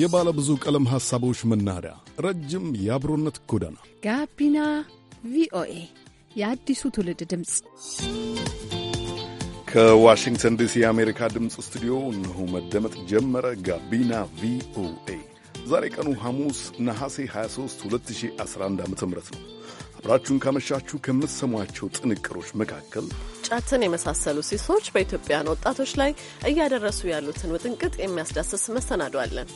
የባለ ብዙ ቀለም ሐሳቦች መናኸሪያ፣ ረጅም የአብሮነት ጎዳና፣ ጋቢና ቪኦኤ የአዲሱ ትውልድ ድምፅ ከዋሽንግተን ዲሲ የአሜሪካ ድምፅ ስቱዲዮ እነሆ መደመጥ ጀመረ። ጋቢና ቪኦኤ ዛሬ ቀኑ ሐሙስ ነሐሴ 23 2011 ዓ ም ነው። አብራችሁን ካመሻችሁ ከምትሰሟቸው ጥንቅሮች መካከል ጫትን የመሳሰሉ ሲሶች በኢትዮጵያን ወጣቶች ላይ እያደረሱ ያሉትን ውጥንቅጥ የሚያስዳስስ መሰናዶ አለን።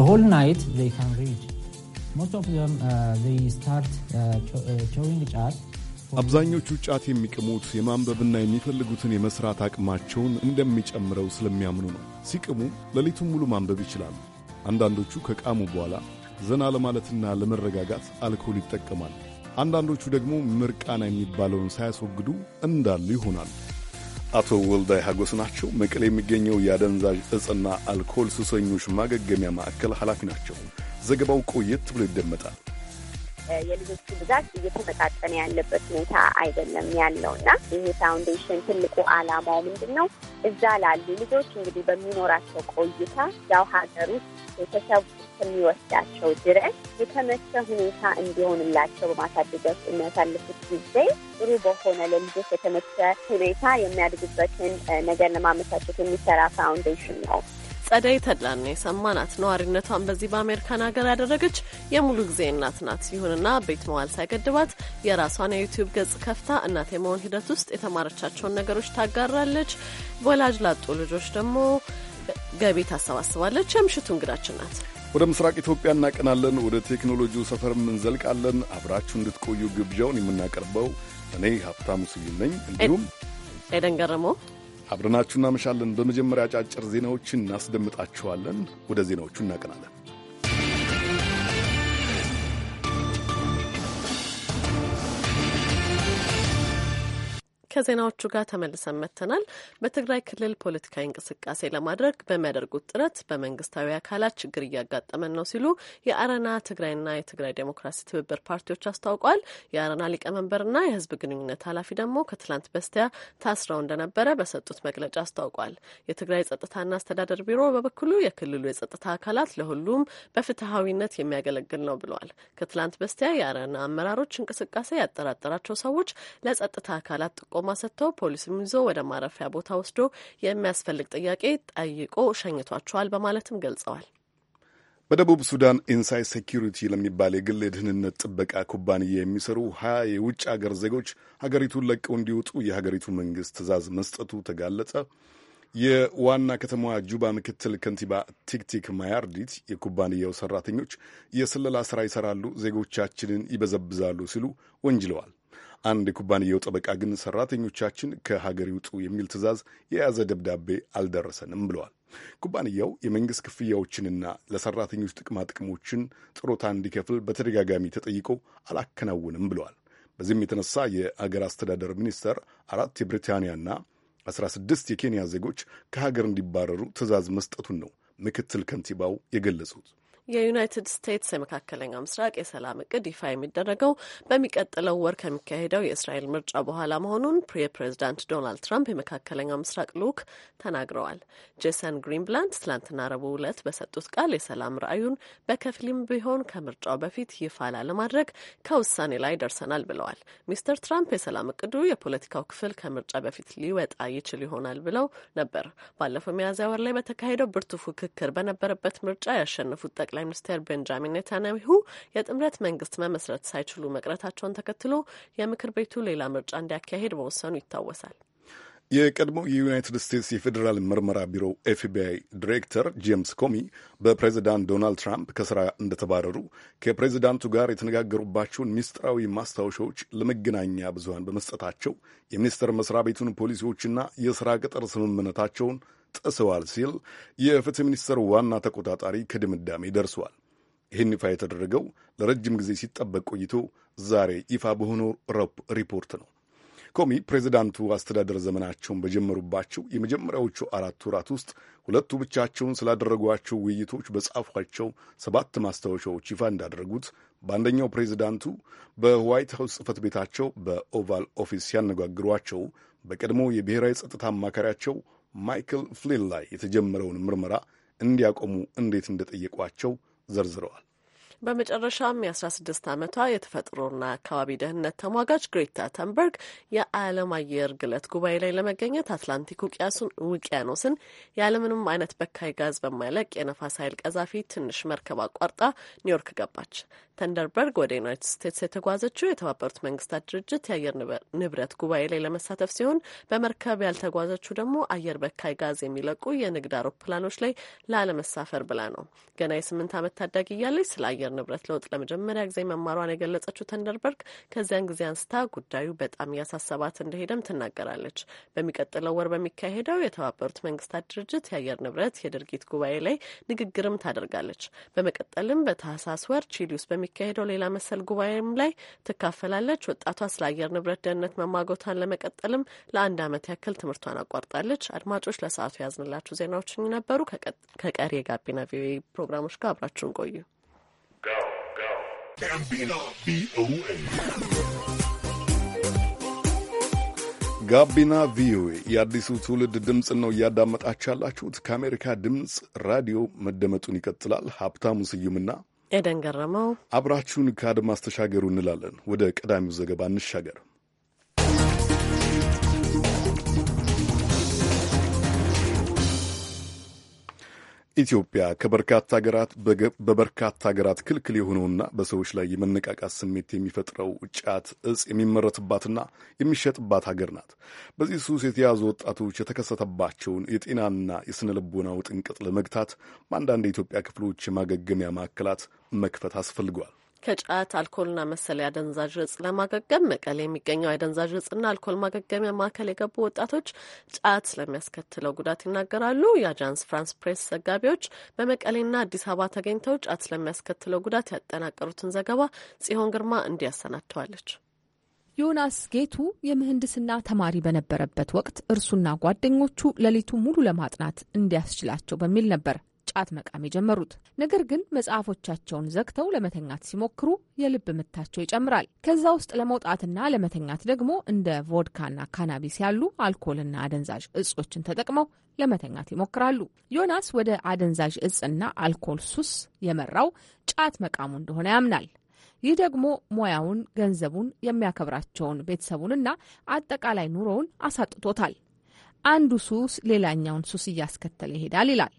ጫት uh, uh, uh, አብዛኞቹ ጫት የሚቅሙት የማንበብና የሚፈልጉትን የመስራት አቅማቸውን እንደሚጨምረው ስለሚያምኑ ነው። ሲቅሙ ሌሊቱን ሙሉ ማንበብ ይችላሉ። አንዳንዶቹ ከቃሙ በኋላ ዘና ለማለትና ለመረጋጋት አልኮል ይጠቀማሉ። አንዳንዶቹ ደግሞ ምርቃና የሚባለውን ሳያስወግዱ እንዳሉ ይሆናል። አቶ ወልዳይ ሀጎስ ናቸው። መቀሌ የሚገኘው የአደንዛዥ እጽና አልኮል ሱሰኞች ማገገሚያ ማዕከል ኃላፊ ናቸው። ዘገባው ቆየት ብሎ ይደመጣል። የልጆቹ ብዛት እየተመጣጠነ ያለበት ሁኔታ አይደለም ያለው እና ይሄ ፋውንዴሽን ትልቁ ዓላማው ምንድን ነው? እዛ ላሉ ልጆች እንግዲህ በሚኖራቸው ቆይታ ያው ሀገር ውስጥ ቤተሰብ እስከሚወስዳቸው ድረስ የተመቸ ሁኔታ እንዲሆንላቸው በማሳደገት የሚያሳልፉት ጊዜ ጥሩ በሆነ ለልጆች የተመቸ ሁኔታ የሚያድጉበትን ነገር ለማመቻቸት የሚሰራ ፋውንዴሽን ነው። ጸደይ ተድላን የሰማናት ነዋሪነቷን በዚህ በአሜሪካን ሀገር ያደረገች የሙሉ ጊዜ እናት ናት። ይሁንና ቤት መዋል ሳይገድባት የራሷን የዩቲዩብ ገጽ ከፍታ እናት የመሆን ሂደት ውስጥ የተማረቻቸውን ነገሮች ታጋራለች። ወላጅ ላጡ ልጆች ደግሞ ገቢ ታሰባስባለች። የምሽቱ እንግዳችን ናት። ወደ ምስራቅ ኢትዮጵያ እናቀናለን። ወደ ቴክኖሎጂው ሰፈርም እንዘልቃለን። አብራችሁ እንድትቆዩ ግብዣውን የምናቀርበው እኔ ሀብታሙ ስዩም ነኝ፣ እንዲሁም ኤደን ገረመው አብረናችሁ እናመሻለን። በመጀመሪያ አጫጭር ዜናዎችን እናስደምጣችኋለን። ወደ ዜናዎቹ እናቀናለን። ከዜናዎቹ ጋር ተመልሰን መጥተናል። በትግራይ ክልል ፖለቲካዊ እንቅስቃሴ ለማድረግ በሚያደርጉት ጥረት በመንግስታዊ አካላት ችግር እያጋጠመን ነው ሲሉ የአረና ትግራይና የትግራይ ዴሞክራሲ ትብብር ፓርቲዎች አስታውቋል። የአረና ሊቀመንበርና የህዝብ ግንኙነት ኃላፊ ደግሞ ከትላንት በስቲያ ታስረው እንደነበረ በሰጡት መግለጫ አስታውቋል። የትግራይ ጸጥታና አስተዳደር ቢሮ በበኩሉ የክልሉ የጸጥታ አካላት ለሁሉም በፍትሐዊነት የሚያገለግል ነው ብለዋል። ከትላንት በስቲያ የአረና አመራሮች እንቅስቃሴ ያጠራጠራቸው ሰዎች ለጸጥታ አካላት ጥቆ ጥቆማ ሰጥተው ፖሊስም ይዞ ወደ ማረፊያ ቦታ ወስዶ የሚያስፈልግ ጥያቄ ጠይቆ ሸኝቷቸዋል በማለትም ገልጸዋል። በደቡብ ሱዳን ኢንሳይ ሴኪሪቲ ለሚባል የግል የደህንነት ጥበቃ ኩባንያ የሚሰሩ ሀያ የውጭ አገር ዜጎች ሀገሪቱን ለቀው እንዲወጡ የሀገሪቱ መንግስት ትዕዛዝ መስጠቱ ተጋለጸ። የዋና ከተማዋ ጁባ ምክትል ከንቲባ ቲክቲክ ማያርዲት የኩባንያው ሰራተኞች የስለላ ስራ ይሰራሉ፣ ዜጎቻችንን ይበዘብዛሉ ሲሉ ወንጅለዋል። አንድ የኩባንያው ጠበቃ ግን ሰራተኞቻችን ከሀገር ይውጡ የሚል ትዕዛዝ የያዘ ደብዳቤ አልደረሰንም ብለዋል። ኩባንያው የመንግሥት ክፍያዎችንና ለሰራተኞች ጥቅማ ጥቅሞችን ጥሮታ እንዲከፍል በተደጋጋሚ ተጠይቆ አላከናውንም ብለዋል። በዚህም የተነሳ የአገር አስተዳደር ሚኒስቴር አራት የብሪታንያና 16 የኬንያ ዜጎች ከሀገር እንዲባረሩ ትዕዛዝ መስጠቱን ነው ምክትል ከንቲባው የገለጹት። የዩናይትድ ስቴትስ የመካከለኛው ምስራቅ የሰላም እቅድ ይፋ የሚደረገው በሚቀጥለው ወር ከሚካሄደው የእስራኤል ምርጫ በኋላ መሆኑን ፕሬዚዳንት ዶናልድ ትራምፕ የመካከለኛው ምስራቅ ልዑክ ተናግረዋል። ጄሰን ግሪንብላንድ ትላንትና ረቡዕ ዕለት በሰጡት ቃል የሰላም ራዕዩን በከፊልም ቢሆን ከምርጫው በፊት ይፋ ላለማድረግ ከውሳኔ ላይ ደርሰናል ብለዋል። ሚስተር ትራምፕ የሰላም እቅዱ የፖለቲካው ክፍል ከምርጫ በፊት ሊወጣ ይችል ይሆናል ብለው ነበር። ባለፈው ሚያዝያ ወር ላይ በተካሄደው ብርቱ ፉክክር በነበረበት ምርጫ ያሸነፉት ጠቅላይ ጠቅላይ ሚኒስትር ቤንጃሚን ኔታንያሁ የጥምረት መንግስት መመስረት ሳይችሉ መቅረታቸውን ተከትሎ የምክር ቤቱ ሌላ ምርጫ እንዲያካሄድ መወሰኑ ይታወሳል። የቀድሞ የዩናይትድ ስቴትስ የፌዴራል ምርመራ ቢሮ ኤፍቢአይ ዲሬክተር ጄምስ ኮሚ በፕሬዚዳንት ዶናልድ ትራምፕ ከስራ እንደተባረሩ ከፕሬዚዳንቱ ጋር የተነጋገሩባቸውን ሚስጥራዊ ማስታወሻዎች ለመገናኛ ብዙሀን በመስጠታቸው የሚኒስቴር መስሪያ ቤቱን ፖሊሲዎችና የስራ ቅጥር ስምምነታቸውን ጥሰዋል ሲል የፍትህ ሚኒስቴር ዋና ተቆጣጣሪ ከድምዳሜ ደርሷል። ይህን ይፋ የተደረገው ለረጅም ጊዜ ሲጠበቅ ቆይቶ ዛሬ ይፋ በሆነው ሪፖርት ነው። ኮሚ ፕሬዚዳንቱ አስተዳደር ዘመናቸውን በጀመሩባቸው የመጀመሪያዎቹ አራት ወራት ውስጥ ሁለቱ ብቻቸውን ስላደረጓቸው ውይይቶች በጻፏቸው ሰባት ማስታወሻዎች ይፋ እንዳደረጉት በአንደኛው ፕሬዚዳንቱ በዋይት ሀውስ ጽህፈት ቤታቸው በኦቫል ኦፊስ ሲያነጋግሯቸው በቀድሞ የብሔራዊ ጸጥታ አማካሪያቸው ማይክል ፍሊን ላይ የተጀመረውን ምርመራ እንዲያቆሙ እንዴት እንደጠየቋቸው ዘርዝረዋል። በመጨረሻም የ16 ዓመቷ የተፈጥሮና አካባቢ ደህንነት ተሟጋች ግሬታ ተንበርግ የዓለም አየር ግለት ጉባኤ ላይ ለመገኘት አትላንቲክ ውቅያኖስን ያለምንም አይነት በካይ ጋዝ በማይለቅ የነፋስ ኃይል ቀዛፊ ትንሽ መርከብ አቋርጣ ኒውዮርክ ገባች። ተንደርበርግ ወደ ዩናይትድ ስቴትስ የተጓዘችው የተባበሩት መንግስታት ድርጅት የአየር ንብረት ጉባኤ ላይ ለመሳተፍ ሲሆን በመርከብ ያልተጓዘችው ደግሞ አየር በካይ ጋዝ የሚለቁ የንግድ አውሮፕላኖች ላይ ላለመሳፈር ብላ ነው። ገና የስምንት ዓመት ታዳጊ እያለች ስለ አየር የአየር ንብረት ለውጥ ለመጀመሪያ ጊዜ መማሯን የገለጸችው ተንደርበርግ ከዚያን ጊዜ አንስታ ጉዳዩ በጣም እያሳሰባት እንደሄደም ትናገራለች። በሚቀጥለው ወር በሚካሄደው የተባበሩት መንግስታት ድርጅት የአየር ንብረት የድርጊት ጉባኤ ላይ ንግግርም ታደርጋለች። በመቀጠልም በታህሳስ ወር ቺሊ ውስጥ በሚካሄደው ሌላ መሰል ጉባኤም ላይ ትካፈላለች። ወጣቷ ስለ አየር ንብረት ደህንነት መማጎቷን ለመቀጠልም ለአንድ ዓመት ያክል ትምህርቷን አቋርጣለች። አድማጮች ለሰዓቱ ያዝንላችሁ ዜናዎች ነበሩ። ከቀሪ የጋቢና ቪኦኤ ፕሮግራሞች ጋር አብራችሁን ቆዩ። ጋቢና ቪኦኤ ጋቢና ቪኦኤ የአዲሱ ትውልድ ድምፅ ነው እያዳመጣችሁ ያላችሁት። ከአሜሪካ ድምፅ ራዲዮ መደመጡን ይቀጥላል። ሀብታሙ ስዩምና ኤደን ገረመው አብራችሁን ከአድማስ ተሻገሩ እንላለን። ወደ ቀዳሚው ዘገባ እንሻገር። ኢትዮጵያ ከበርካታ ሀገራት በበርካታ ሀገራት ክልክል የሆነውና በሰዎች ላይ የመነቃቃት ስሜት የሚፈጥረው ጫት እጽ የሚመረትባትና የሚሸጥባት ሀገር ናት። በዚህ ሱስ የተያዙ ወጣቶች የተከሰተባቸውን የጤናና የስነ ልቦናው ጥንቅጥ ለመግታት በአንዳንድ የኢትዮጵያ ክፍሎች የማገገሚያ ማዕከላት መክፈት አስፈልገዋል። ከጫት አልኮልና መሰል የአደንዛዥ እጽ ለማገገም መቀሌ የሚገኘው የአደንዛዥ እጽና አልኮል ማገገሚያ ማዕከል የገቡ ወጣቶች ጫት ስለሚያስከትለው ጉዳት ይናገራሉ። የአጃንስ ፍራንስ ፕሬስ ዘጋቢዎች በመቀሌና አዲስ አበባ ተገኝተው ጫት ስለሚያስከትለው ጉዳት ያጠናቀሩትን ዘገባ ጽዮን ግርማ እንዲያሰናድተዋለች። ዮናስ ጌቱ የምህንድስና ተማሪ በነበረበት ወቅት እርሱና ጓደኞቹ ሌሊቱ ሙሉ ለማጥናት እንዲያስችላቸው በሚል ነበር ጫት መቃም የጀመሩት። ነገር ግን መጽሐፎቻቸውን ዘግተው ለመተኛት ሲሞክሩ የልብ ምታቸው ይጨምራል። ከዛ ውስጥ ለመውጣትና ለመተኛት ደግሞ እንደ ቮድካና ካናቢስ ያሉ አልኮልና አደንዛዥ እጾችን ተጠቅመው ለመተኛት ይሞክራሉ። ዮናስ ወደ አደንዛዥ እጽና አልኮል ሱስ የመራው ጫት መቃሙ እንደሆነ ያምናል። ይህ ደግሞ ሙያውን፣ ገንዘቡን፣ የሚያከብራቸውን ቤተሰቡንና አጠቃላይ ኑሮውን አሳጥቶታል። አንዱ ሱስ ሌላኛውን ሱስ እያስከተለ ይሄዳል ይላል።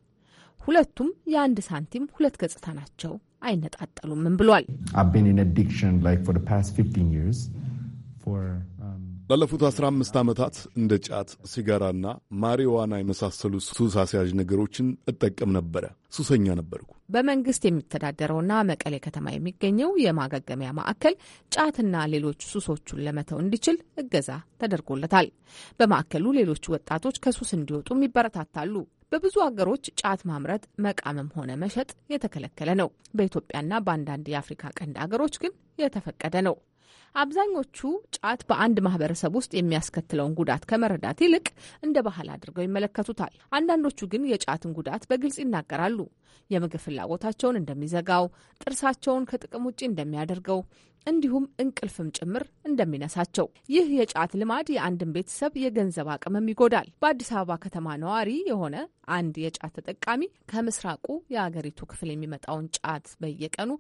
ሁለቱም የአንድ ሳንቲም ሁለት ገጽታ ናቸው፣ አይነጣጠሉምም ብሏል። um, ላለፉት 15 ዓመታት እንደ ጫት፣ ሲጋራና ማሪዋና የመሳሰሉ ሱስ አስያዥ ነገሮችን እጠቀም ነበረ። ሱሰኛ ነበርኩ። በመንግስት የሚተዳደረውና መቀሌ ከተማ የሚገኘው የማገገሚያ ማዕከል ጫትና ሌሎች ሱሶቹን ለመተው እንዲችል እገዛ ተደርጎለታል። በማዕከሉ ሌሎች ወጣቶች ከሱስ እንዲወጡም ይበረታታሉ። በብዙ አገሮች ጫት ማምረት መቃመም ሆነ መሸጥ የተከለከለ ነው። በኢትዮጵያና በአንዳንድ የአፍሪካ ቀንድ አገሮች ግን የተፈቀደ ነው። አብዛኞቹ ጫት በአንድ ማህበረሰብ ውስጥ የሚያስከትለውን ጉዳት ከመረዳት ይልቅ እንደ ባህል አድርገው ይመለከቱታል። አንዳንዶቹ ግን የጫትን ጉዳት በግልጽ ይናገራሉ። የምግብ ፍላጎታቸውን እንደሚዘጋው፣ ጥርሳቸውን ከጥቅም ውጭ እንደሚያደርገው፣ እንዲሁም እንቅልፍም ጭምር እንደሚነሳቸው። ይህ የጫት ልማድ የአንድን ቤተሰብ የገንዘብ አቅምም ይጎዳል። በአዲስ አበባ ከተማ ነዋሪ የሆነ አንድ የጫት ተጠቃሚ ከምስራቁ የአገሪቱ ክፍል የሚመጣውን ጫት በየቀኑ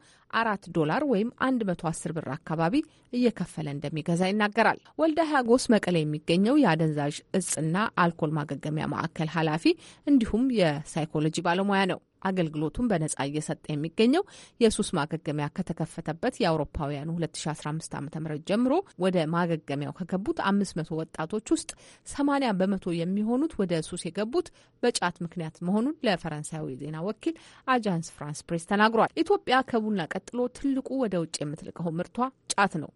አራት ዶላር ወይም አንድ መቶ አስር ብር አካባቢ እየከፈለ እንደሚገዛ ይናገራል። ወልዳ ሀጎስ መቀሌ የሚገኘው የአደንዛዥ እጽና አልኮል ማገገሚያ ማዕከል ኃላፊ እንዲሁም የሳይኮሎጂ ባለሙያ ነው። አገልግሎቱን በነጻ እየሰጠ የሚገኘው የሱስ ማገገሚያ ከተከፈተበት የአውሮፓውያኑ 2015 ዓ ም ጀምሮ ወደ ማገገሚያው ከገቡት 500 ወጣቶች ውስጥ 80 በመቶ የሚሆኑት ወደ ሱስ የገቡት በጫት ምክንያት መሆኑን ለፈረንሳዊ ዜና ወኪል አጃንስ ፍራንስ ፕሬስ ተናግሯል። ኢትዮጵያ ከቡና ቀጥሎ ትልቁ ወደ ውጭ የምትልቀው ምርቷ ጫት ነው።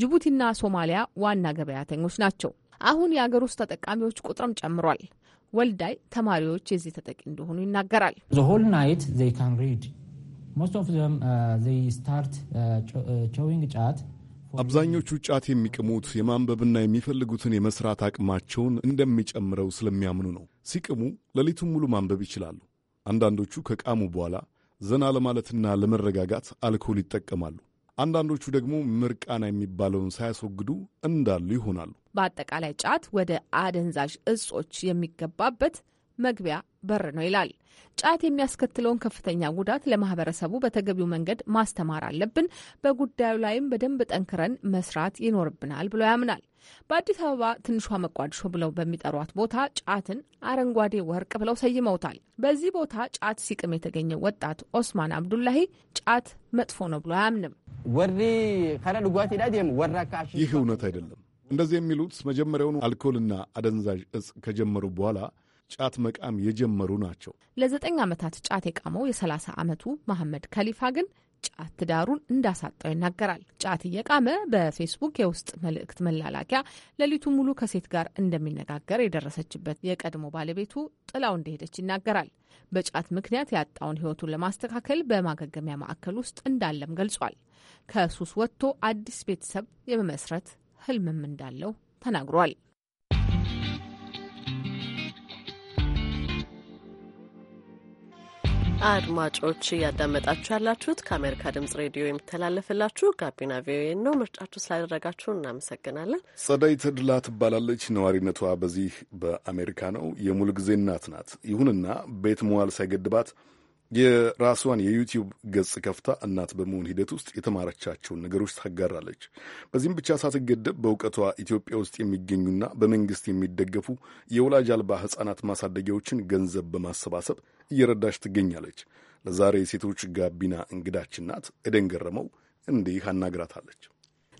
ጅቡቲና ሶማሊያ ዋና ገበያተኞች ናቸው። አሁን የአገር ውስጥ ተጠቃሚዎች ቁጥርም ጨምሯል። ወልዳይ ተማሪዎች የዚህ ተጠቂ እንደሆኑ ይናገራል። ጫት uh, uh, uh, አብዛኞቹ ጫት የሚቅሙት የማንበብና የሚፈልጉትን የመስራት አቅማቸውን እንደሚጨምረው ስለሚያምኑ ነው። ሲቅሙ ሌሊቱን ሙሉ ማንበብ ይችላሉ። አንዳንዶቹ ከቃሙ በኋላ ዘና ለማለትና ለመረጋጋት አልኮል ይጠቀማሉ። አንዳንዶቹ ደግሞ ምርቃና የሚባለውን ሳያስወግዱ እንዳሉ ይሆናሉ። በአጠቃላይ ጫት ወደ አደንዛዥ እጾች የሚገባበት መግቢያ በር ነው ይላል። ጫት የሚያስከትለውን ከፍተኛ ጉዳት ለማህበረሰቡ በተገቢው መንገድ ማስተማር አለብን። በጉዳዩ ላይም በደንብ ጠንክረን መስራት ይኖርብናል ብሎ ያምናል። በአዲስ አበባ ትንሿ መቋድሾ ብለው በሚጠሯት ቦታ ጫትን አረንጓዴ ወርቅ ብለው ሰይመውታል። በዚህ ቦታ ጫት ሲቅም የተገኘው ወጣት ኦስማን አብዱላሂ ጫት መጥፎ ነው ብሎ አያምንም። ይህ እውነት አይደለም። እንደዚህ የሚሉት መጀመሪያውኑ አልኮልና አደንዛዥ እጽ ከጀመሩ በኋላ ጫት መቃም የጀመሩ ናቸው። ለዘጠኝ ዓመታት ጫት የቃመው የሰላሳ ዓመቱ መሐመድ ከሊፋ ግን ጫት ትዳሩን እንዳሳጣው ይናገራል። ጫት እየቃመ በፌስቡክ የውስጥ መልእክት መላላኪያ ሌሊቱ ሙሉ ከሴት ጋር እንደሚነጋገር የደረሰችበት የቀድሞ ባለቤቱ ጥላው እንደሄደች ይናገራል። በጫት ምክንያት ያጣውን ሕይወቱን ለማስተካከል በማገገሚያ ማዕከል ውስጥ እንዳለም ገልጿል። ከሱስ ወጥቶ አዲስ ቤተሰብ የመመስረት ህልምም እንዳለው ተናግሯል። አድማጮች እያዳመጣችሁ ያላችሁት ከአሜሪካ ድምጽ ሬዲዮ የሚተላለፍላችሁ ጋቢና ቪኦኤ ነው። ምርጫችሁ ስላደረጋችሁ እናመሰግናለን። ጸዳይ ተድላ ትባላለች። ነዋሪነቷ በዚህ በአሜሪካ ነው። የሙሉ ጊዜ እናት ናት። ይሁንና ቤት መዋል ሳይገድባት የራሷን የዩቲዩብ ገጽ ከፍታ እናት በመሆን ሂደት ውስጥ የተማረቻቸውን ነገሮች ታጋራለች። በዚህም ብቻ ሳትገደብ በእውቀቷ ኢትዮጵያ ውስጥ የሚገኙና በመንግስት የሚደገፉ የወላጅ አልባ ሕጻናት ማሳደጊያዎችን ገንዘብ በማሰባሰብ እየረዳች ትገኛለች። ለዛሬ የሴቶች ጋቢና እንግዳችን ናት። ኤደን ገረመው እንዲህ አናግራታለች።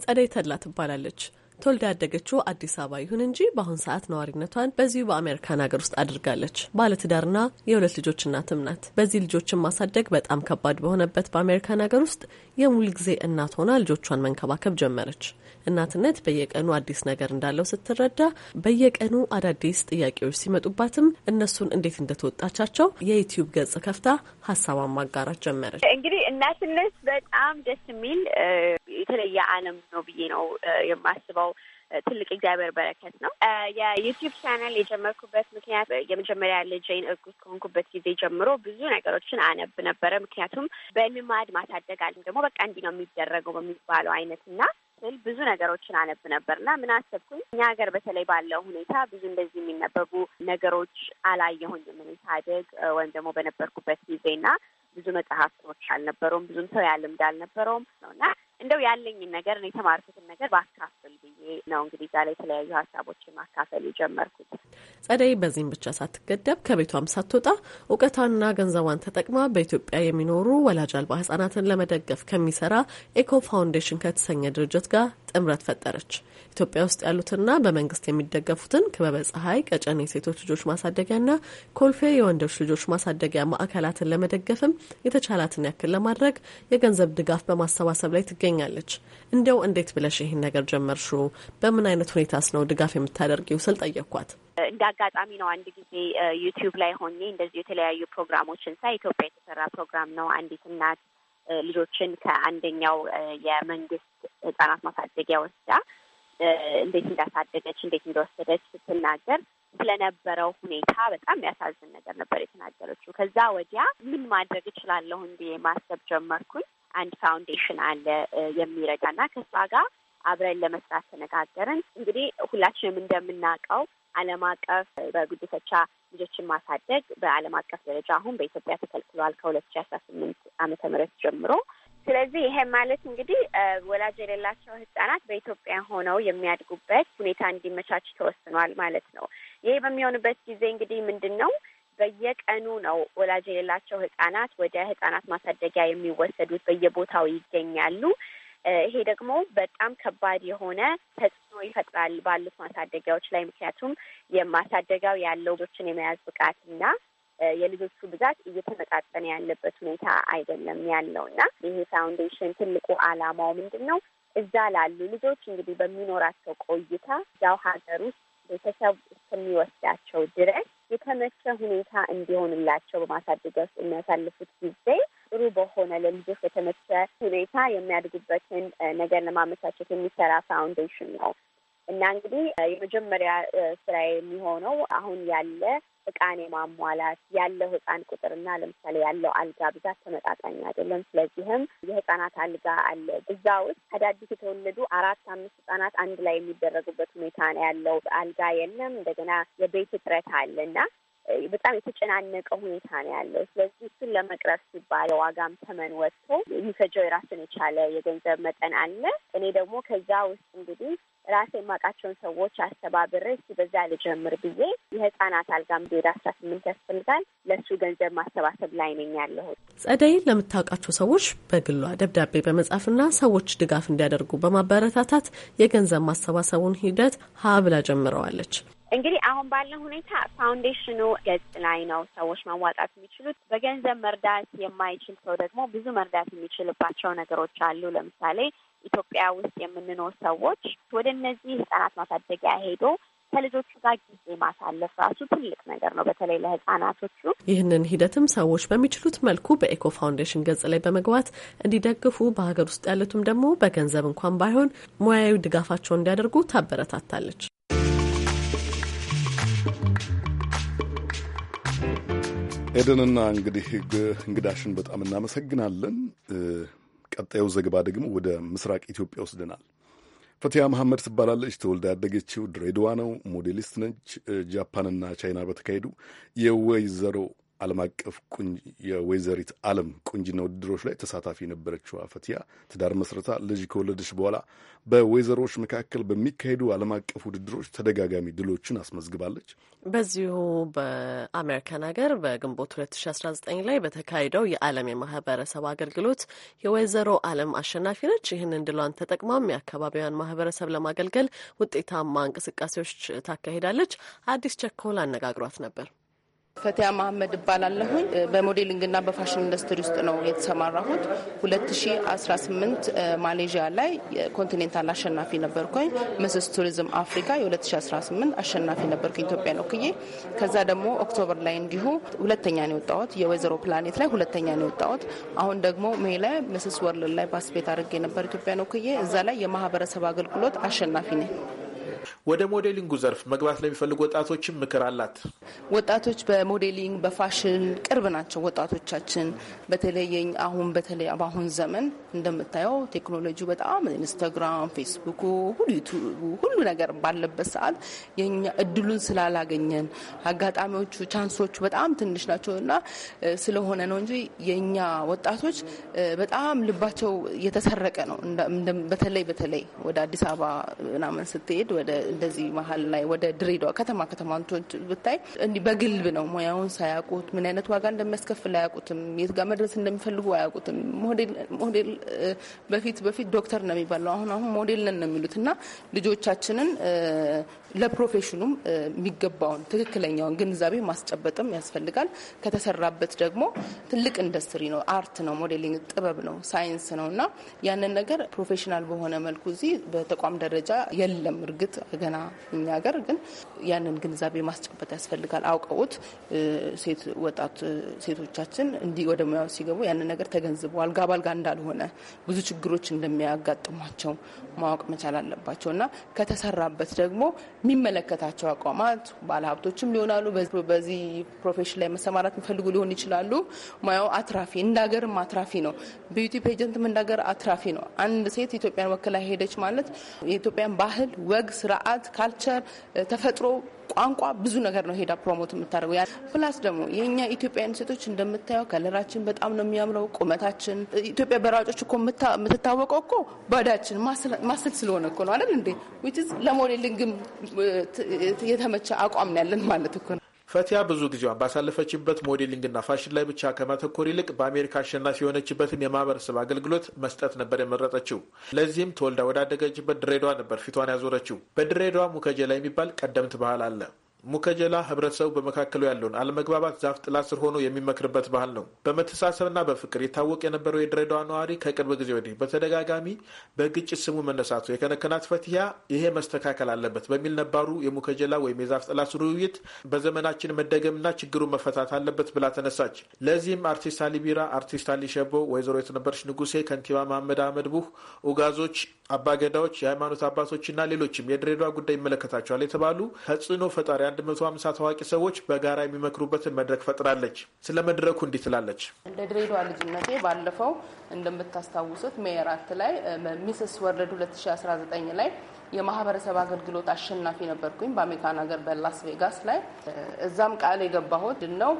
ጸደይ ተላ ትባላለች። ተወልዳ ያደገችው አዲስ አበባ ይሁን እንጂ በአሁን ሰዓት ነዋሪነቷን በዚሁ በአሜሪካን ሀገር ውስጥ አድርጋለች። ባለትዳርና የሁለት ልጆች እናትም ናት። በዚህ ልጆችን ማሳደግ በጣም ከባድ በሆነበት በአሜሪካን ሀገር ውስጥ የሙሉ ጊዜ እናት ሆና ልጆቿን መንከባከብ ጀመረች። እናትነት በየቀኑ አዲስ ነገር እንዳለው ስትረዳ በየቀኑ አዳዲስ ጥያቄዎች ሲመጡባትም እነሱን እንዴት እንደተወጣቻቸው የዩትዩብ ገጽ ከፍታ ሀሳቧን ማጋራት ጀመረች። እንግዲህ እናትነት በጣም ደስ የሚል የተለየ ዓለም ነው ብዬ ነው የማስበው። ትልቅ እግዚአብሔር በረከት ነው። የዩቲዩብ ቻናል የጀመርኩበት ምክንያት የመጀመሪያ ልጄን እርጉዝ ከሆንኩበት ጊዜ ጀምሮ ብዙ ነገሮችን አነብ ነበረ። ምክንያቱም በልማድ ማሳደግ አለ ደግሞ በቃ እንዲህ ነው የሚደረገው በሚባለው አይነት እና ስል ብዙ ነገሮችን አነብ ነበር እና ምን አሰብኩኝ፣ እኛ ሀገር በተለይ ባለው ሁኔታ ብዙ እንደዚህ የሚነበቡ ነገሮች አላየሁኝ። እኔ ሳደግ ወይም ደግሞ በነበርኩበት ጊዜ እና ብዙ መጽሐፍቶች አልነበረውም። ብዙም ሰው ያልምድ አልነበረውም ነው እና እንደው ያለኝን ነገር ነው የተማርኩትን ነገር ባካፍል ብዬ ነው እንግዲህ ላይ የተለያዩ ሀሳቦችን ማካፈል የጀመርኩት። ጸደይ በዚህም ብቻ ሳትገደብ ከቤቷም ሳትወጣ እውቀቷንና ገንዘቧን ተጠቅማ በኢትዮጵያ የሚኖሩ ወላጅ አልባ ህጻናትን ለመደገፍ ከሚሰራ ኤኮ ፋውንዴሽን ከተሰኘ ድርጅት ጋር ጥምረት ፈጠረች። ኢትዮጵያ ውስጥ ያሉትና በመንግስት የሚደገፉትን ክበበ ፀሐይ፣ ቀጨኔ የሴቶች ልጆች ማሳደጊያና ኮልፌ የወንዶች ልጆች ማሳደጊያ ማዕከላትን ለመደገፍም የተቻላትን ያክል ለማድረግ የገንዘብ ድጋፍ በማሰባሰብ ላይ ትገኛለች። እንዲያው እንዴት ብለሽ ይህን ነገር ጀመርሹ? በምን አይነት ሁኔታስ ነው ድጋፍ የምታደርጊው ስል ጠየኳት። እንደ አጋጣሚ ነው። አንድ ጊዜ ዩቲዩብ ላይ ሆኜ እንደዚሁ የተለያዩ ፕሮግራሞችን ሳይ ኢትዮጵያ የተሰራ ፕሮግራም ነው። አንዲት እናት ልጆችን ከአንደኛው የመንግስት ህጻናት ማሳደጊያ ወስዳ እንዴት እንዳሳደገች እንዴት እንደወሰደች ስትናገር ስለነበረው ሁኔታ በጣም ያሳዝን ነገር ነበር የተናገረችው። ከዛ ወዲያ ምን ማድረግ እችላለሁ ብዬ ማሰብ ጀመርኩኝ። አንድ ፋውንዴሽን አለ የሚረዳና ከሷ ጋር አብረን ለመስራት ተነጋገርን። እንግዲህ ሁላችንም እንደምናውቀው ዓለም አቀፍ በጉዲፈቻ ልጆችን ማሳደግ በዓለም አቀፍ ደረጃ አሁን በኢትዮጵያ ተከልክሏል ከሁለት ሺ አስራ ስምንት አመተ ምህረት ጀምሮ ስለዚህ ይሄ ማለት እንግዲህ ወላጅ የሌላቸው ህጻናት በኢትዮጵያ ሆነው የሚያድጉበት ሁኔታ እንዲመቻች ተወስኗል ማለት ነው። ይሄ በሚሆንበት ጊዜ እንግዲህ ምንድን ነው በየቀኑ ነው ወላጅ የሌላቸው ህጻናት ወደ ህጻናት ማሳደጊያ የሚወሰዱት፣ በየቦታው ይገኛሉ። ይሄ ደግሞ በጣም ከባድ የሆነ ተጽዕኖ ይፈጥራል ባሉት ማሳደጊያዎች ላይ ምክንያቱም የማሳደጊያው ያለው ልጆችን የመያዝ እና የልጆቹ ብዛት እየተመጣጠነ ያለበት ሁኔታ አይደለም ያለው እና ይሄ ፋውንዴሽን ትልቁ አላማው ምንድን ነው? እዛ ላሉ ልጆች እንግዲህ በሚኖራቸው ቆይታ ያው ሀገር ውስጥ ቤተሰብ እስከሚወስዳቸው ድረስ የተመቸ ሁኔታ እንዲሆንላቸው በማሳደጊያ ውስጥ የሚያሳልፉት ጊዜ ጥሩ በሆነ ለልጆች የተመቸ ሁኔታ የሚያድጉበትን ነገር ለማመቻቸት የሚሰራ ፋውንዴሽን ነው። እና እንግዲህ የመጀመሪያ ስራ የሚሆነው አሁን ያለ እቃን የማሟላት ያለው ህፃን ቁጥርና ለምሳሌ ያለው አልጋ ብዛት ተመጣጣኝ አይደለም። ስለዚህም የህፃናት አልጋ አለ። እዛ ውስጥ አዳዲስ የተወለዱ አራት አምስት ህፃናት አንድ ላይ የሚደረጉበት ሁኔታ ነው ያለው። አልጋ የለም። እንደገና የቤት እጥረት አለ እና በጣም የተጨናነቀ ሁኔታ ነው ያለው። ስለዚህ እሱን ለመቅረፍ ሲባል የዋጋም ተመን ወጥቶ የሚፈጀው የራሱን የቻለ የገንዘብ መጠን አለ። እኔ ደግሞ ከዛ ውስጥ እንግዲህ ራሴ የማውቃቸውን ሰዎች አስተባብሬ እስቲ በዛ ልጀምር ብዬ የህፃናት አልጋ ምዴድ አስራ ስምንት ያስፈልጋል ለእሱ ገንዘብ ማሰባሰብ ላይ ነኝ ያለሁት። ጸደይን ለምታውቃቸው ሰዎች በግሏ ደብዳቤ በመጻፍና ሰዎች ድጋፍ እንዲያደርጉ በማበረታታት የገንዘብ ማሰባሰቡን ሂደት ሀ ብላ ጀምረዋለች። እንግዲህ አሁን ባለው ሁኔታ ፋውንዴሽኑ ገጽ ላይ ነው ሰዎች ማዋጣት የሚችሉት። በገንዘብ መርዳት የማይችል ሰው ደግሞ ብዙ መርዳት የሚችልባቸው ነገሮች አሉ። ለምሳሌ ኢትዮጵያ ውስጥ የምንኖር ሰዎች ወደ እነዚህ ህጻናት ማሳደጊያ ሄዶ ከልጆቹ ጋር ጊዜ ማሳለፍ ራሱ ትልቅ ነገር ነው፣ በተለይ ለህጻናቶቹ። ይህንን ሂደትም ሰዎች በሚችሉት መልኩ በኤኮ ፋውንዴሽን ገጽ ላይ በመግባት እንዲደግፉ፣ በሀገር ውስጥ ያሉትም ደግሞ በገንዘብ እንኳን ባይሆን ሙያዊ ድጋፋቸውን እንዲያደርጉ ታበረታታለች። ኤደንና እንግዲህ እንግዳሽን በጣም እናመሰግናለን። ቀጣዩ ዘገባ ደግሞ ወደ ምስራቅ ኢትዮጵያ ወስደናል። ፈቲያ መሐመድ ትባላለች። ተወልዳ ያደገችው ድሬድዋ ነው። ሞዴሊስት ነች። ጃፓንና ቻይና በተካሄዱ የወይዘሮ ዓለም አቀፍ የወይዘሪት ዓለም ቁንጅና ውድድሮች ላይ ተሳታፊ የነበረችው ፈትያ ትዳር መስረታ ልጅ ከወለደች በኋላ በወይዘሮች መካከል በሚካሄዱ ዓለም አቀፍ ውድድሮች ተደጋጋሚ ድሎችን አስመዝግባለች። በዚሁ በአሜሪካን ሀገር በግንቦት 2019 ላይ በተካሄደው የዓለም የማህበረሰብ አገልግሎት የወይዘሮ ዓለም አሸናፊ ነች። ይህንን ድሏን ተጠቅማም የአካባቢዋን ማህበረሰብ ለማገልገል ውጤታማ እንቅስቃሴዎች ታካሂዳለች። አዲስ ቸኮል አነጋግሯት ነበር። ፈቲያ መሀመድ እባላለሁኝ። በሞዴሊንግና በፋሽን ኢንዱስትሪ ውስጥ ነው የተሰማራሁት። 2018 ማሌዥያ ላይ ኮንቲኔንታል አሸናፊ ነበርኩኝ። ምስስ ቱሪዝም አፍሪካ የ2018 አሸናፊ ነበርኩኝ ኢትዮጵያን ወክዬ። ከዛ ደግሞ ኦክቶበር ላይ እንዲሁ ሁለተኛ ነው የወጣሁት። የወይዘሮ ፕላኔት ላይ ሁለተኛ ነው የወጣሁት። አሁን ደግሞ ሜይ ላይ ምስስ ወርልድ ላይ ፓስፔት አድርጌ ነበር ኢትዮጵያን ወክዬ። እዛ ላይ የማህበረሰብ አገልግሎት አሸናፊ ነኝ። ወደ ሞዴሊንጉ ዘርፍ መግባት ለሚፈልጉ ወጣቶችም ምክር አላት። ወጣቶች በሞዴሊንግ በፋሽን ቅርብ ናቸው። ወጣቶቻችን በተለይ አሁን በተለይ በአሁን ዘመን እንደምታየው ቴክኖሎጂ በጣም ኢንስታግራም፣ ፌስቡኩ፣ ዩቱቡ ሁሉ ነገር ባለበት ሰዓት የኛ እድሉን ስላላገኘን አጋጣሚዎቹ ቻንሶቹ በጣም ትንሽ ናቸው እና ስለሆነ ነው እንጂ የእኛ ወጣቶች በጣም ልባቸው የተሰረቀ ነው። በተለይ በተለይ ወደ አዲስ አበባ ምናምን ስትሄድ ወደ እንደዚህ መሀል ላይ ወደ ድሬዳዋ ከተማ ከተማ ብታይ እንዲህ በግልብ ነው ሙያውን ሳያውቁት ምን አይነት ዋጋ እንደሚያስከፍል አያውቁትም። የት ጋር መድረስ እንደሚፈልጉ አያውቁትም። ሞዴል በፊት በፊት ዶክተር ነው የሚባለው አሁን አሁን ሞዴል ነን ነው የሚሉት እና ልጆቻችንን ለፕሮፌሽኑም የሚገባውን ትክክለኛውን ግንዛቤ ማስጨበጥም ያስፈልጋል። ከተሰራበት ደግሞ ትልቅ ኢንዱስትሪ ነው፣ አርት ነው፣ ሞዴሊንግ ጥበብ ነው፣ ሳይንስ ነው እና ያንን ነገር ፕሮፌሽናል በሆነ መልኩ እዚህ በተቋም ደረጃ የለም። እርግጥ ገና እኛ ሀገር ግን ያንን ግንዛቤ ማስጨበጥ ያስፈልጋል። አውቀውት ሴት ወጣት ሴቶቻችን እንዲህ ወደ ሙያው ሲገቡ ያንን ነገር ተገንዝበው አልጋ ባልጋ እንዳልሆነ ብዙ ችግሮች እንደሚያጋጥሟቸው ማወቅ መቻል አለባቸው እና ከተሰራበት ደግሞ የሚመለከታቸው አቋማት ባለሀብቶችም ሊሆናሉ፣ በዚህ ፕሮፌሽን ላይ መሰማራት የሚፈልጉ ሊሆን ይችላሉ። ሙያው አትራፊ እንዳገርም አትራፊ ነው። ቢዩቲ ፔጀንትም እንዳገር አትራፊ ነው። አንድ ሴት ኢትዮጵያን ወክላ ሄደች ማለት የኢትዮጵያን ባህል ወግ ስርዓት፣ ካልቸር፣ ተፈጥሮ፣ ቋንቋ ብዙ ነገር ነው ሄዳ ፕሮሞት የምታደርገው። ፕላስ ደግሞ የእኛ ኢትዮጵያውያን ሴቶች እንደምታየው ከለራችን በጣም ነው የሚያምረው፣ ቁመታችን። ኢትዮጵያ በሯጮች እኮ የምትታወቀው እኮ ባዳችን ማስል ስለሆነ እኮ ነው አይደል እንዴ? ለሞዴሊንግም የተመቸ አቋም ነው ያለን ማለት እኮ ነው። ፈቲያ ብዙ ጊዜዋን ባሳለፈችበት ሞዴሊንግና ፋሽን ላይ ብቻ ከማተኮር ይልቅ በአሜሪካ አሸናፊ የሆነችበትን የማህበረሰብ አገልግሎት መስጠት ነበር የመረጠችው። ለዚህም ተወልዳ ወዳደገችበት ድሬዳዋ ነበር ፊቷን ያዞረችው። በድሬዳዋ ሙከጀላ የሚባል ቀደምት ባህል አለ። ሙከጀላ ህብረተሰቡ በመካከሉ ያለውን አለመግባባት ዛፍ ጥላ ስር ሆኖ የሚመክርበት ባህል ነው። በመተሳሰብና በፍቅር የታወቅ የነበረው የድሬዳዋ ነዋሪ ከቅርብ ጊዜ ወዲህ በተደጋጋሚ በግጭት ስሙ መነሳቱ የከነከናት ፈትያ ይሄ መስተካከል አለበት በሚል ነባሩ የሙከጀላ ወይም የዛፍ ጥላ ስር ውይይት በዘመናችን መደገምና ችግሩን መፈታት አለበት ብላ ተነሳች። ለዚህም አርቲስት አሊ ቢራ፣ አርቲስት አሊ ሸቦ፣ ወይዘሮ የተነበረች ንጉሴ፣ ከንቲባ መሀመድ አህመድ ቡህ፣ ኡጋዞች አባገዳዎች፣ የሃይማኖት አባቶችና ሌሎችም የድሬዳዋ ጉዳይ ይመለከታቸዋል የተባሉ ተጽዕኖ ፈጣሪ 150 ታዋቂ ሰዎች በጋራ የሚመክሩበትን መድረክ ፈጥራለች። ስለ መድረኩ እንዲህ ትላለች። እንደ ድሬዳዋ ልጅነቴ ባለፈው እንደምታስታውሱት ሜየራት ላይ ሚስስ ወርልድ 2019 ላይ የማህበረሰብ አገልግሎት አሸናፊ ነበርኩኝ በአሜሪካን ሀገር በላስ ቬጋስ ላይ። እዛም ቃል የገባሁት ነው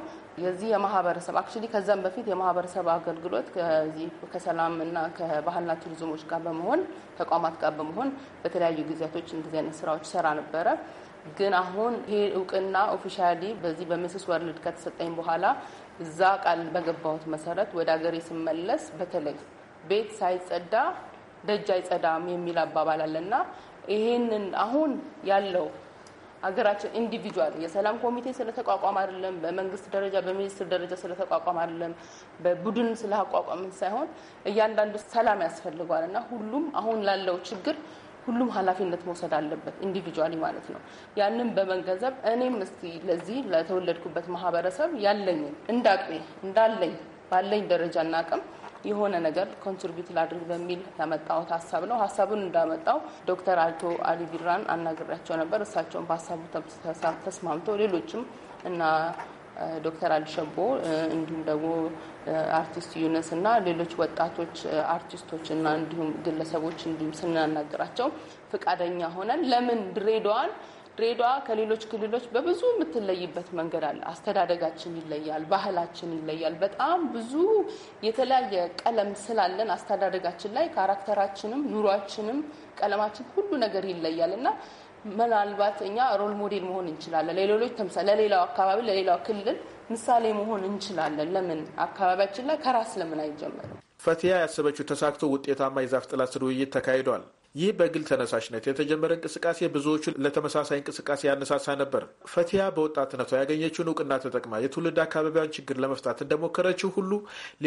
የዚህ የማህበረሰብ አክቹዋሊ ከዛም በፊት የማህበረሰብ አገልግሎት ከዚህ እና ከባህልና ቱሪዝሞች ጋር በመሆን ተቋማት ጋር በመሆን በተለያዩ ጊዜያቶች እንደዚህ አይነት ስራዎች ሰራ ነበረ። ግን አሁን ይሄ እውቅና ኦፊሻሊ በዚህ በሚስስ ወርልድ ከተሰጠኝ በኋላ እዛ ቃል በገባሁት መሰረት ወደ ሀገሬ ስመለስ በተለይ ቤት ሳይጸዳ ደጅ አይጸዳም የሚል አባባል አለና ይሄንን አሁን ያለው ሀገራችን ኢንዲቪጁዋል የሰላም ኮሚቴ ስለተቋቋም አይደለም፣ በመንግስት ደረጃ በሚኒስትር ደረጃ ስለተቋቋም አይደለም፣ በቡድን ስለአቋቋምን ሳይሆን እያንዳንዱ ሰላም ያስፈልገዋል እና ሁሉም አሁን ላለው ችግር ሁሉም ኃላፊነት መውሰድ አለበት፣ ኢንዲቪጁዋሊ ማለት ነው። ያንን በመገንዘብ እኔም እስቲ ለዚህ ለተወለድኩበት ማህበረሰብ ያለኝን እንዳቅሜ እንዳለኝ ባለኝ ደረጃና አቅም የሆነ ነገር ኮንትሪቢዩት ላድርግ በሚል ያመጣሁት ሀሳብ ነው። ሀሳቡን እንዳመጣው ዶክተር አልቶ አሊ ቢራን አናግሬያቸው ነበር። እሳቸውን በሀሳቡ ተስማምቶ ሌሎችም እና ዶክተር አልሸቦ እንዲሁም ደግሞ አርቲስት ዩነስ እና ሌሎች ወጣቶች አርቲስቶች እና እንዲሁም ግለሰቦች እንዲሁም ስናናግራቸው ፍቃደኛ ሆነን ለምን ድሬዳዋን ድሬዳዋ ከሌሎች ክልሎች በብዙ የምትለይበት መንገድ አለ። አስተዳደጋችን ይለያል፣ ባህላችን ይለያል። በጣም ብዙ የተለያየ ቀለም ስላለን አስተዳደጋችን ላይ ካራክተራችንም፣ ኑሯችንም፣ ቀለማችን ሁሉ ነገር ይለያል እና ምናልባት እኛ ሮል ሞዴል መሆን እንችላለን ለሌሎች ተምሳሌ ለሌላው አካባቢ ለሌላው ክልል ምሳሌ መሆን እንችላለን። ለምን አካባቢያችን ላይ ከራስ ለምን አይጀመርም? ፈቲያ ያሰበችው ተሳክቶ ውጤታማ የዛፍ ጥላ ስር ውይይት ተካሂዷል። ይህ በግል ተነሳሽነት የተጀመረ እንቅስቃሴ ብዙዎቹን ለተመሳሳይ እንቅስቃሴ ያነሳሳ ነበር። ፈቲያ በወጣትነቷ ያገኘችውን እውቅና ተጠቅማ የትውልድ አካባቢዋን ችግር ለመፍታት እንደሞከረችው ሁሉ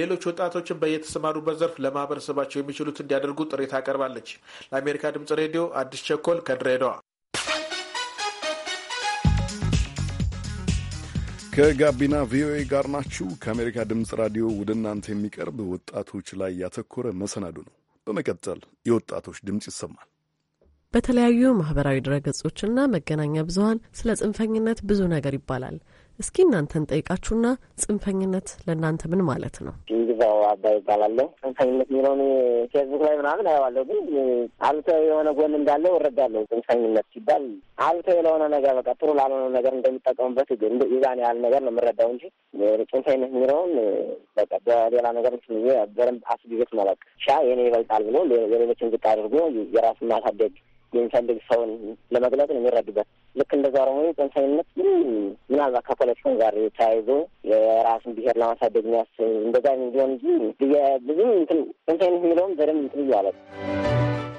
ሌሎች ወጣቶችን በየተሰማሩበት ዘርፍ ለማህበረሰባቸው የሚችሉት እንዲያደርጉ ጥሪ ታቀርባለች። ለአሜሪካ ድምጽ ሬዲዮ አዲስ ቸኮል ከድሬዳዋ። ከጋቢና ቪኦኤ ጋር ናችሁ። ከአሜሪካ ድምፅ ራዲዮ ወደ እናንተ የሚቀርብ ወጣቶች ላይ ያተኮረ መሰናዱ ነው። በመቀጠል የወጣቶች ድምፅ ይሰማል። በተለያዩ ማህበራዊ ድረገጾችና መገናኛ ብዙሀን ስለ ጽንፈኝነት ብዙ ነገር ይባላል። እስኪ እናንተን ጠይቃችሁና ጽንፈኝነት ለእናንተ ምን ማለት ነው? ይግዛው አባይ ይባላለሁ። ጽንፈኝነት የሚለውን ፌስቡክ ላይ ምናምን አየዋለሁ፣ ግን አሉታዊ የሆነ ጎን እንዳለው እረዳለሁ። ጽንፈኝነት ሲባል አሉታዊ ለሆነ ነገር በቃ ጥሩ ላልሆነ ነገር እንደሚጠቀሙበት ይዛን ያህል ነገር ነው የምረዳው እንጂ ጽንፈኝነት የሚለውን በቃ በሌላ ነገር በደንብ አስጊዜት መለቅ ሻ የኔ ይበልጣል ብሎ የሌሎችን ዝቅ አድርጎ የራሱን ማሳደግ የእንሳን ደግሳውን ለመግለጽ ነው የሚረዱበት። ልክ እንደዛ ደግሞ ጽንፈኝነት ምናልባት ከፖለቲካን ጋር ተያይዞ የራስን ብሄር ለማሳደግ የሚያስብ እንደዛ እንዲሆን እንጂ ብዙ ጽንፈኝነት የሚለውም ዘደም እንትን እያለ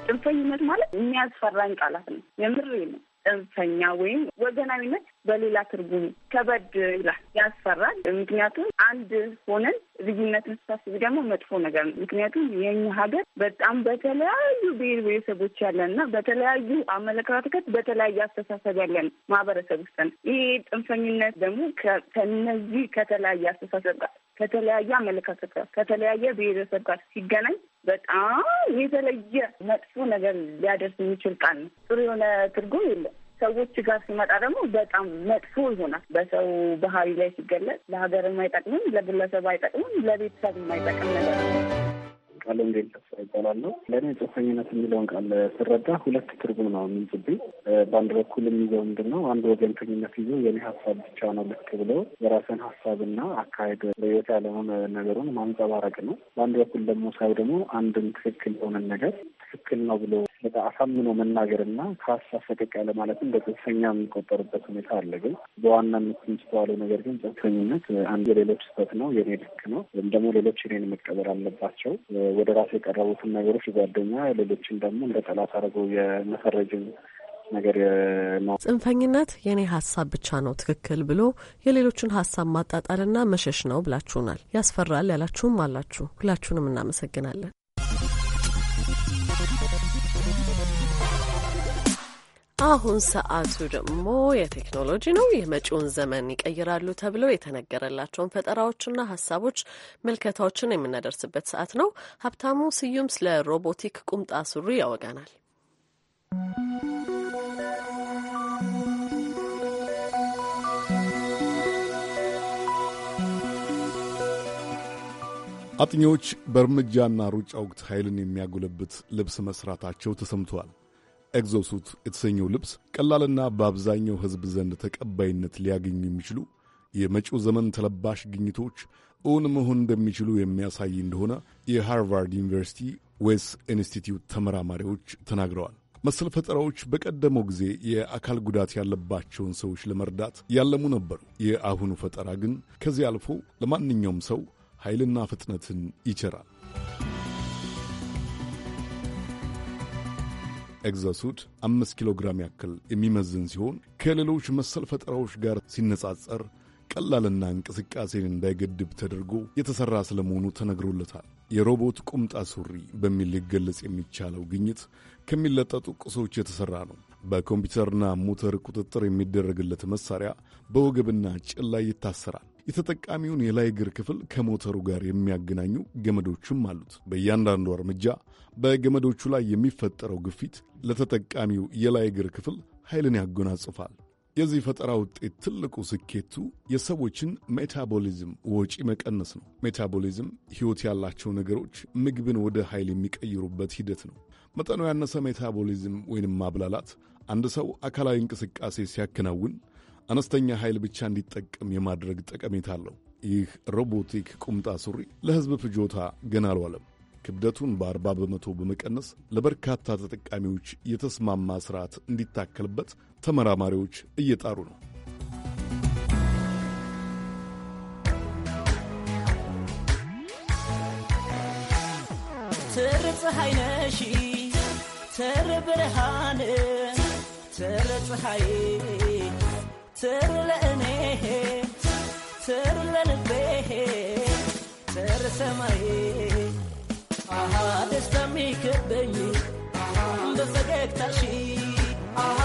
ጽንፈኝነት ማለት የሚያስፈራኝ ቃላት ነው። የምር ነው ጽንፈኛ ወይም ወገናዊነት በሌላ ትርጉም ከበድ ይላል፣ ያስፈራል። ምክንያቱም አንድ ሆነን ልዩነትን ስታስብ ደግሞ መጥፎ ነገር ነው። ምክንያቱም የኛ ሀገር በጣም በተለያዩ ብሔር ብሔረሰቦች ያለን እና በተለያዩ አመለካከት፣ በተለያየ አስተሳሰብ ያለን ማህበረሰብ ውስጥ ነው። ይሄ ጽንፈኝነት ደግሞ ከነዚህ ከተለያየ አስተሳሰብ ጋር ከተለያየ አመለካከት ጋር ከተለያየ ብሔረሰብ ጋር ሲገናኝ በጣም የተለየ መጥፎ ነገር ሊያደርስ የሚችል ቃል ነው። ጥሩ የሆነ ትርጉም የለም። ሰዎች ጋር ሲመጣ ደግሞ በጣም መጥፎ ይሆናል። በሰው ባህሪ ላይ ሲገለጽ ለሀገርም አይጠቅምም፣ ለግለሰብ አይጠቅምም፣ ለቤተሰብም አይጠቅም ነገር ነው። ቃለ እንዴት ተስፋ ይባላል ለእኔ ጽንፈኝነት የሚለውን ቃል ስረዳ ሁለት ትርጉም ነው የሚይዝብኝ። በአንድ በኩል የሚይዘው ምንድን ነው? አንድ ወገንተኝነት ይዞ የኔ ሀሳብ ብቻ ነው ልክ ብሎ የራስን ሀሳብና አካሄድ በህይወት ያለውን ነገሩን ማንጸባረቅ ነው። በአንድ በኩል ደግሞ ሳይ ደግሞ አንድን ትክክል የሆነን ነገር ትክክል ነው ብሎ አሳምኖ መናገር እና ከሀሳብ ፈቀቅ ያለ ማለትም በጽንፈኛ የሚቆጠርበት ሁኔታ አለ። ግን በዋናነት የሚስተዋለው ነገር ግን ጽንፈኝነት አንድ የሌሎች ስህተት ነው፣ የኔ ልክ ነው ወይም ደግሞ ሌሎች እኔን መቀበል አለባቸው፣ ወደ ራሱ የቀረቡትን ነገሮች ጓደኛ፣ ሌሎችን ደግሞ እንደ ጠላት አድርገው የመፈረጅን ነገር ነው። ጽንፈኝነት የእኔ ሀሳብ ብቻ ነው ትክክል ብሎ የሌሎችን ሀሳብ ማጣጣልና መሸሽ ነው ብላችሁናል። ያስፈራል ያላችሁም አላችሁ። ሁላችሁንም እናመሰግናለን። አሁን ሰዓቱ ደግሞ የቴክኖሎጂ ነው። የመጪውን ዘመን ይቀይራሉ ተብለው የተነገረላቸውን ፈጠራዎችና ሀሳቦች፣ ምልከታዎችን የምናደርስበት ሰዓት ነው። ሀብታሙ ስዩም ስለ ሮቦቲክ ቁምጣ ሱሪ ያወጋናል። አጥኚዎች በእርምጃና ሩጫ ወቅት ኃይልን የሚያጎለብት ልብስ መስራታቸው ተሰምተዋል። ኤግዞሱት የተሰኘው ልብስ ቀላልና በአብዛኛው ሕዝብ ዘንድ ተቀባይነት ሊያገኙ የሚችሉ የመጪው ዘመን ተለባሽ ግኝቶች እውን መሆን እንደሚችሉ የሚያሳይ እንደሆነ የሃርቫርድ ዩኒቨርሲቲ ዌስ ኢንስቲትዩት ተመራማሪዎች ተናግረዋል። መሰል ፈጠራዎች በቀደመው ጊዜ የአካል ጉዳት ያለባቸውን ሰዎች ለመርዳት ያለሙ ነበሩ። የአሁኑ ፈጠራ ግን ከዚህ አልፎ ለማንኛውም ሰው ኃይልና ፍጥነትን ይቸራል። ኤግዛሱድ አምስት ኪሎ ግራም ያክል የሚመዝን ሲሆን ከሌሎች መሰል ፈጠራዎች ጋር ሲነጻጸር ቀላልና እንቅስቃሴን እንዳይገድብ ተደርጎ የተሠራ ስለመሆኑ ተነግሮለታል። የሮቦት ቁምጣ ሱሪ በሚል ሊገለጽ የሚቻለው ግኝት ከሚለጠጡ ቁሶች የተሠራ ነው። በኮምፒውተርና ሞተር ቁጥጥር የሚደረግለት መሣሪያ በወገብና ጭን ላይ ይታሰራል። የተጠቃሚውን የላይ እግር ክፍል ከሞተሩ ጋር የሚያገናኙ ገመዶችም አሉት። በእያንዳንዱ እርምጃ በገመዶቹ ላይ የሚፈጠረው ግፊት ለተጠቃሚው የላይ እግር ክፍል ኃይልን ያጎናጽፋል። የዚህ ፈጠራ ውጤት ትልቁ ስኬቱ የሰዎችን ሜታቦሊዝም ወጪ መቀነስ ነው። ሜታቦሊዝም ሕይወት ያላቸው ነገሮች ምግብን ወደ ኃይል የሚቀይሩበት ሂደት ነው። መጠኑ ያነሰ ሜታቦሊዝም ወይንም ማብላላት አንድ ሰው አካላዊ እንቅስቃሴ ሲያከናውን አነስተኛ ኃይል ብቻ እንዲጠቀም የማድረግ ጠቀሜታ አለው። ይህ ሮቦቲክ ቁምጣ ሱሪ ለሕዝብ ፍጆታ ገና አልዋለም። ክብደቱን በአርባ በመቶ በመቀነስ ለበርካታ ተጠቃሚዎች የተስማማ ስርዓት እንዲታከልበት ተመራማሪዎች እየጣሩ ነው። ትር ፀሐይ ነሽ ተረ ብርሃን ፀሐይ ስር ለእኔ ስር ለልቤ ስር ሰማዬ አሃ ደስታ የሚከበኝ በፈገግታሽ አሃ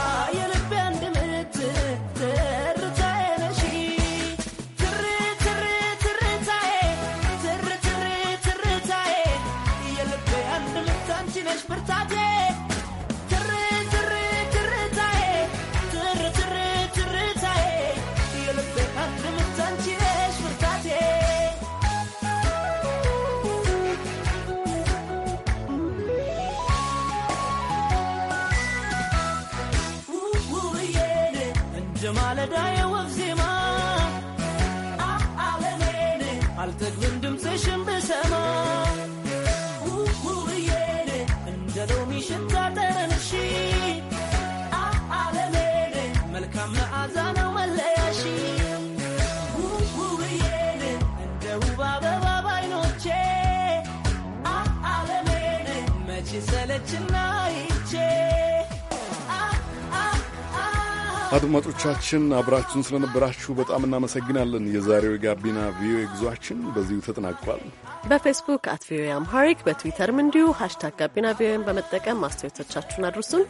አድማጮቻችን አብራችን ስለነበራችሁ በጣም እናመሰግናለን። የዛሬው የጋቢና ቪኦኤ ጉዟችን በዚሁ ተጠናቋል። በፌስቡክ አት ቪኦኤ አምሃሪክ በትዊተርም እንዲሁ ሀሽታግ ጋቢና ቪኦኤን በመጠቀም አስተያየቶቻችሁን አድርሱን።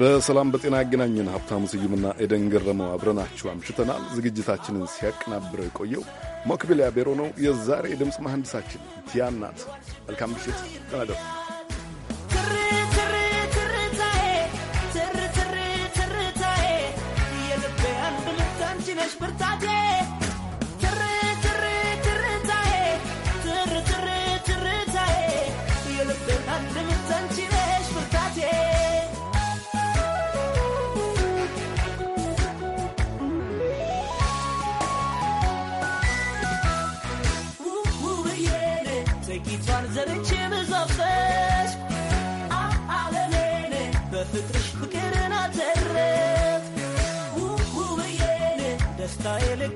በሰላም በጤና ያገናኘን። ሀብታሙ ስዩምና ኤደን ገረመው አብረናችሁ አምሽተናል። ዝግጅታችንን ሲያቀናብረው የቆየው ሞክቢል ያቤሮ ነው። የዛሬ የድምፅ መሐንዲሳችን ቲያናት። መልካም ምሽት።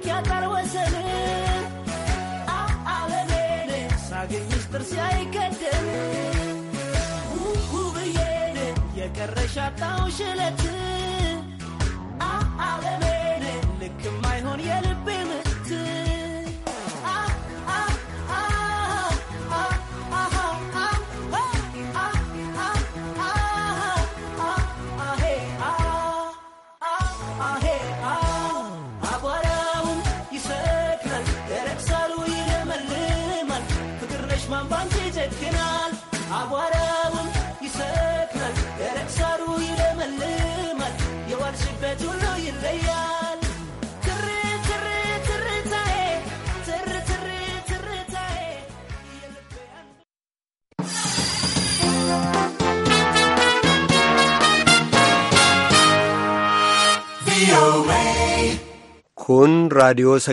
ያጣል ወሰን አለኔ ሳገኝሽ የቀረሽ คุณ Radio